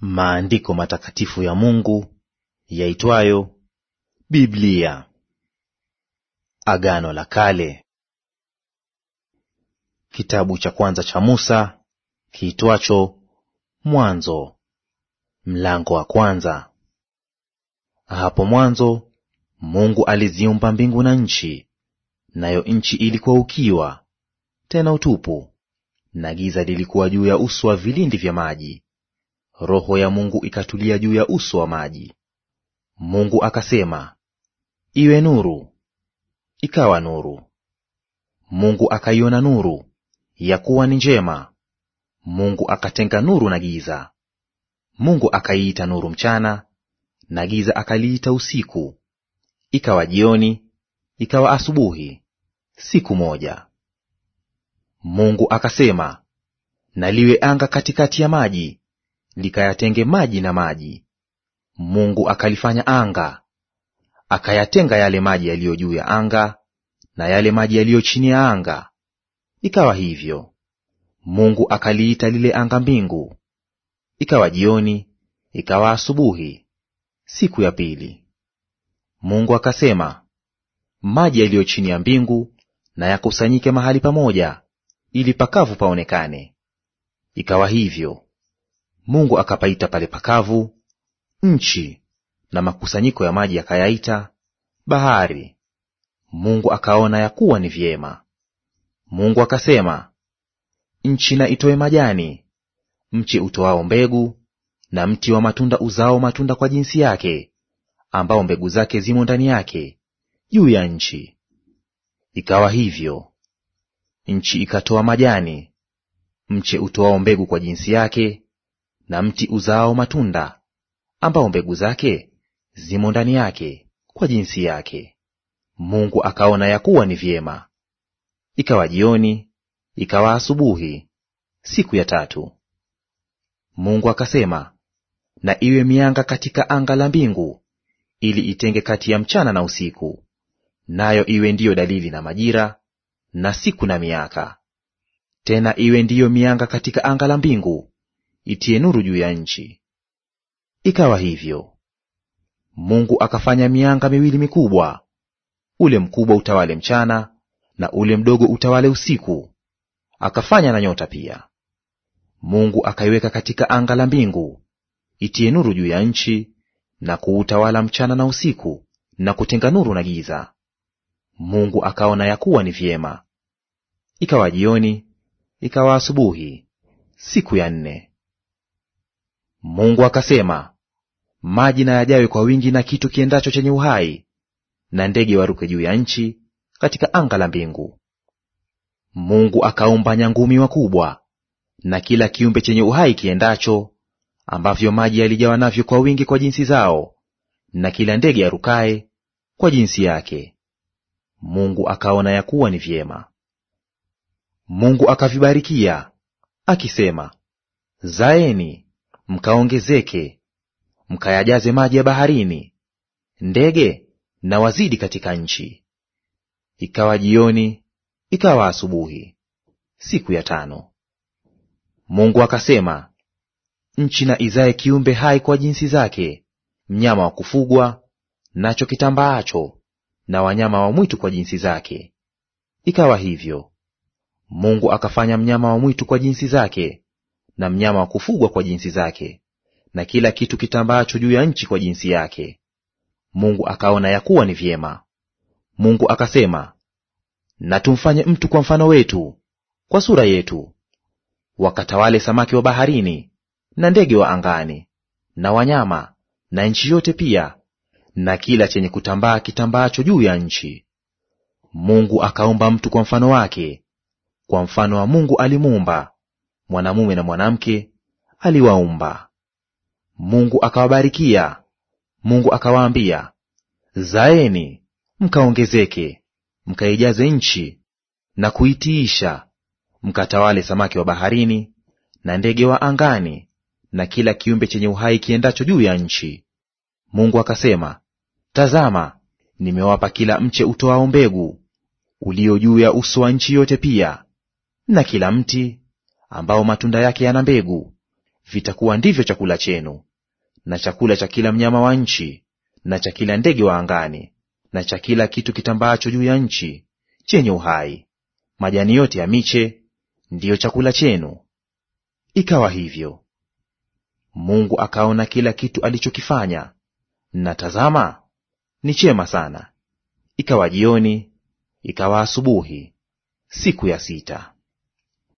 maandiko matakatifu ya Mungu yaitwayo Biblia. Agano la Kale. Kitabu cha kwanza cha Musa kiitwacho Mwanzo, mlango wa kwanza. Hapo mwanzo Mungu aliziumba mbingu na nchi, nayo nchi ilikuwa ukiwa tena utupu, na giza lilikuwa juu ya uso wa vilindi vya maji, Roho ya Mungu ikatulia juu ya uso wa maji. Mungu akasema, iwe nuru. Ikawa nuru. Mungu akaiona nuru ya kuwa ni njema. Mungu akatenga nuru na giza. Mungu akaiita nuru mchana, na giza akaliita usiku. Ikawa jioni, ikawa asubuhi, siku moja. Mungu akasema, na liwe anga katikati ya maji likayatenge maji na maji. Mungu akalifanya anga, akayatenga yale maji yaliyo juu ya anga na yale maji yaliyo chini ya anga. Ikawa hivyo. Mungu akaliita lile anga mbingu. Ikawa jioni, ikawa asubuhi, siku ya pili. Mungu akasema, maji yaliyo chini ya mbingu na yakusanyike mahali pamoja, ili pakavu paonekane. Ikawa hivyo. Mungu akapaita pale pakavu nchi, na makusanyiko ya maji akayaita bahari. Mungu akaona ya kuwa ni vyema. Mungu akasema, nchi na itoe majani, mchi utoao mbegu, na mti wa matunda uzao matunda kwa jinsi yake, ambao mbegu zake zimo ndani yake, juu ya nchi. Ikawa hivyo. Nchi ikatoa majani, mche utoao mbegu kwa jinsi yake, na mti uzao matunda, ambao mbegu zake zimo ndani yake kwa jinsi yake. Mungu akaona ya kuwa ni vyema. Ikawa jioni, ikawa asubuhi, siku ya tatu. Mungu akasema, na iwe mianga katika anga la mbingu, ili itenge kati ya mchana na usiku, nayo iwe ndiyo dalili na majira na siku na miaka. Tena iwe ndiyo mianga katika anga la mbingu itie nuru juu ya nchi. Ikawa hivyo, Mungu akafanya mianga miwili mikubwa, ule mkubwa utawale mchana na ule mdogo utawale usiku. Akafanya na nyota pia. Mungu akaiweka katika anga la mbingu itie nuru juu ya nchi, na kuutawala mchana na usiku, na kutenga nuru na giza. Mungu akaona ya kuwa ni vyema. Ikawa jioni, ikawa asubuhi, siku ya nne. Mungu akasema, maji na yajawe kwa wingi na kitu kiendacho chenye uhai na ndege waruke juu ya nchi katika anga la mbingu. Mungu akaumba nyangumi wakubwa na kila kiumbe chenye uhai kiendacho, ambavyo maji yalijawa navyo kwa wingi kwa jinsi zao, na kila ndege arukaye kwa jinsi yake. Mungu akaona ya kuwa ni vyema. Mungu akavibarikia akisema, zaeni mkaongezeke, mkayajaze maji ya baharini, ndege na wazidi katika nchi. Ikawa jioni, ikawa asubuhi, siku ya tano. Mungu akasema, nchi na izae kiumbe hai kwa jinsi zake, mnyama wa kufugwa nacho kitambaacho, na wanyama wa mwitu kwa jinsi zake. Ikawa hivyo. Mungu akafanya mnyama wa mwitu kwa jinsi zake, na mnyama wa kufugwa kwa jinsi zake, na kila kitu kitambaacho juu ya nchi kwa jinsi yake. Mungu akaona ya kuwa ni vyema. Mungu akasema, na tumfanye mtu kwa mfano wetu, kwa sura yetu, wakatawale samaki wa baharini na ndege wa angani na wanyama na nchi yote pia na kila chenye kutambaa kitambaacho juu ya nchi. Mungu akaumba mtu kwa mfano wake, kwa mfano wa Mungu alimuumba, mwanamume na mwanamke aliwaumba. Mungu akawabarikia, Mungu akawaambia, zaeni mkaongezeke, mkaijaze nchi na kuitiisha, mkatawale samaki wa baharini na ndege wa angani na kila kiumbe chenye uhai kiendacho juu ya nchi. Mungu akasema, tazama, nimewapa kila mche utoao mbegu ulio juu ya uso wa nchi yote, pia na kila mti ambao matunda yake yana mbegu, vitakuwa ndivyo chakula chenu, na chakula cha kila mnyama wa nchi, na cha kila ndege wa angani, na cha kila kitu kitambaacho juu ya nchi chenye uhai; majani yote ya miche ndiyo chakula chenu. Ikawa hivyo. Mungu akaona kila kitu alichokifanya, na tazama, ni chema sana. Ikawa jioni, ikawa asubuhi, siku ya sita.